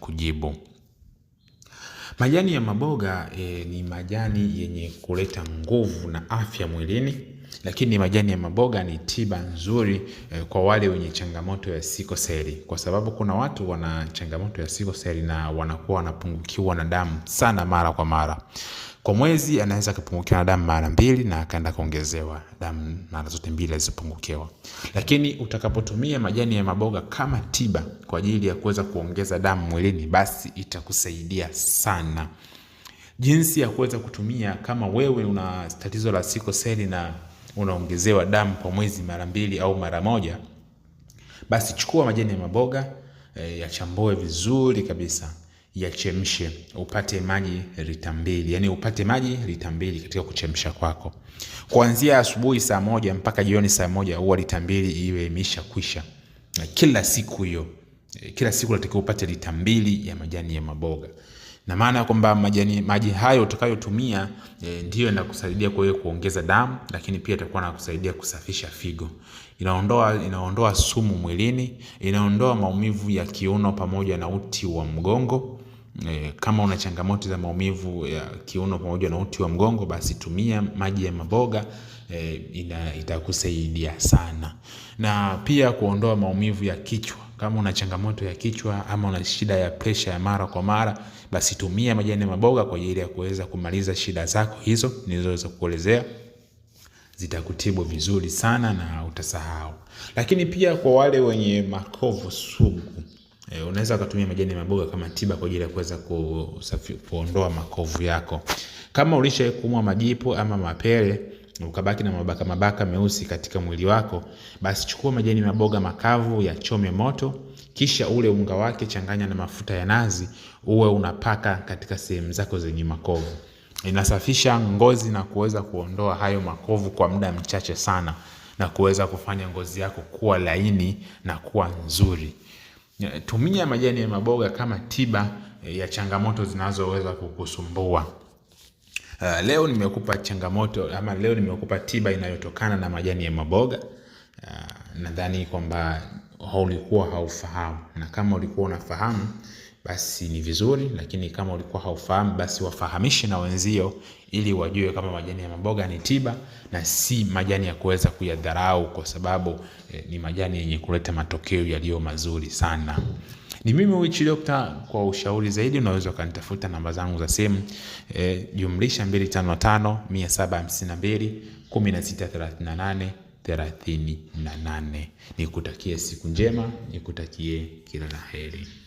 Kujibu. Majani ya maboga e, ni majani yenye kuleta nguvu na afya mwilini, lakini majani ya maboga ni tiba nzuri e, kwa wale wenye changamoto ya sikoseli, kwa sababu kuna watu wana changamoto ya sikoseli na wanakuwa wanapungukiwa na damu sana mara kwa mara. Kwa mwezi anaweza akapungukiwa na damu mara mbili na akaenda kuongezewa damu mara zote mbili alizopungukiwa. Lakini utakapotumia majani ya maboga kama tiba kwa ajili ya kuweza kuongeza damu mwilini, basi itakusaidia sana. Jinsi ya kuweza kutumia kama wewe una tatizo la siko seli na unaongezewa damu kwa mwezi mara mbili au mara moja, basi chukua majani ya maboga e, yachambue vizuri kabisa yachemshe upate maji lita mbili, yani upate maji lita mbili katika kuchemsha kwako, kuanzia asubuhi saa moja mpaka jioni saa moja huwa lita mbili iwe imesha kwisha kila siku hiyo. Eh, kila siku unatakiwa upate lita mbili ya majani ya maboga, na maana kwamba majani maji hayo utakayotumia e, ndiyo inakusaidia kwa hiyo kuongeza damu, lakini pia itakuwa inakusaidia kusafisha figo, inaondoa inaondoa sumu mwilini, inaondoa maumivu ya kiuno pamoja na uti wa mgongo E, kama una changamoto za maumivu ya kiuno pamoja na uti wa mgongo, basi tumia maji ya maboga e, ina, itakusaidia sana. Na pia kuondoa maumivu ya kichwa, kama una changamoto ya kichwa ama una shida ya presha ya mara kwa mara, basi tumia majani ya maboga kwa ajili ya kuweza kumaliza shida zako hizo nilizoweza kuelezea zitakutibu vizuri sana na utasahau. Lakini pia kwa wale wenye makovu sugu E, unaweza ukatumia majani ya maboga kama tiba kwa ajili ya kuweza kuondoa makovu yako. Kama ulishawahi kuumwa majipu ama mapele ukabaki na mabaka mabaka meusi katika mwili wako, basi chukua majani maboga makavu ya chome moto, kisha ule unga wake changanya na mafuta ya nazi, uwe unapaka katika sehemu zako zenye makovu. Inasafisha ngozi na kuweza kuondoa hayo makovu kwa muda mchache sana, na kuweza kufanya ngozi yako kuwa laini na kuwa nzuri. Eh, Tumia majani ya maboga kama tiba eh, ya changamoto zinazoweza kukusumbua. Uh, leo nimekupa changamoto ama leo nimekupa tiba inayotokana na majani ya maboga. Uh, nadhani kwamba ulikuwa haufahamu na kama ulikuwa unafahamu basi ni vizuri, lakini kama ulikuwa haufahamu basi wafahamishe na wenzio, ili wajue kama majani ya maboga ni tiba na si majani ya kuweza kuyadharau, kwa sababu eh, ni majani yenye kuleta matokeo yaliyo mazuri sana. Ni mimi Uchi Doctor. Kwa ushauri zaidi unaweza ukanitafuta namba zangu za simu eh, jumlisha 255 752 1638 38. Nikutakie siku njema, nikutakie kila la heri.